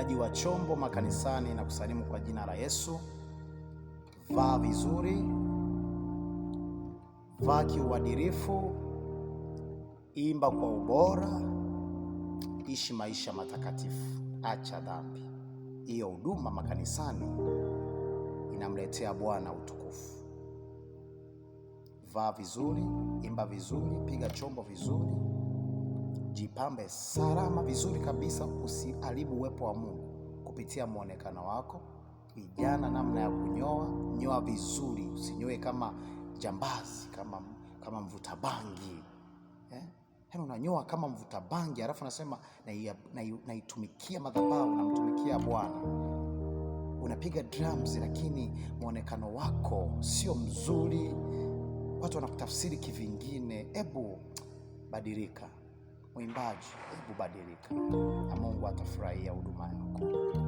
upandaji wa chombo makanisani na kusalimu kwa jina la Yesu. Vaa vizuri, vaa kiuadilifu, imba kwa ubora, ishi maisha matakatifu, acha dhambi. Hiyo huduma makanisani inamletea Bwana utukufu. Vaa vizuri, imba vizuri, piga chombo vizuri. Jipambe salama vizuri kabisa, usiharibu uwepo wa Mungu kupitia mwonekano wako. Vijana, namna ya kunyoa, nyoa vizuri, usinyoe kama jambazi, kama kama mvuta bangi eh? Yaani unanyoa kama mvuta bangi, alafu nasema naitumikia na, na madhabahu, namtumikia Bwana unapiga drums lakini mwonekano wako sio mzuri, watu wanakutafsiri kivingine. Ebu badilika. Mwimbaji, hebu badilika na Mungu atafurahia huduma yako.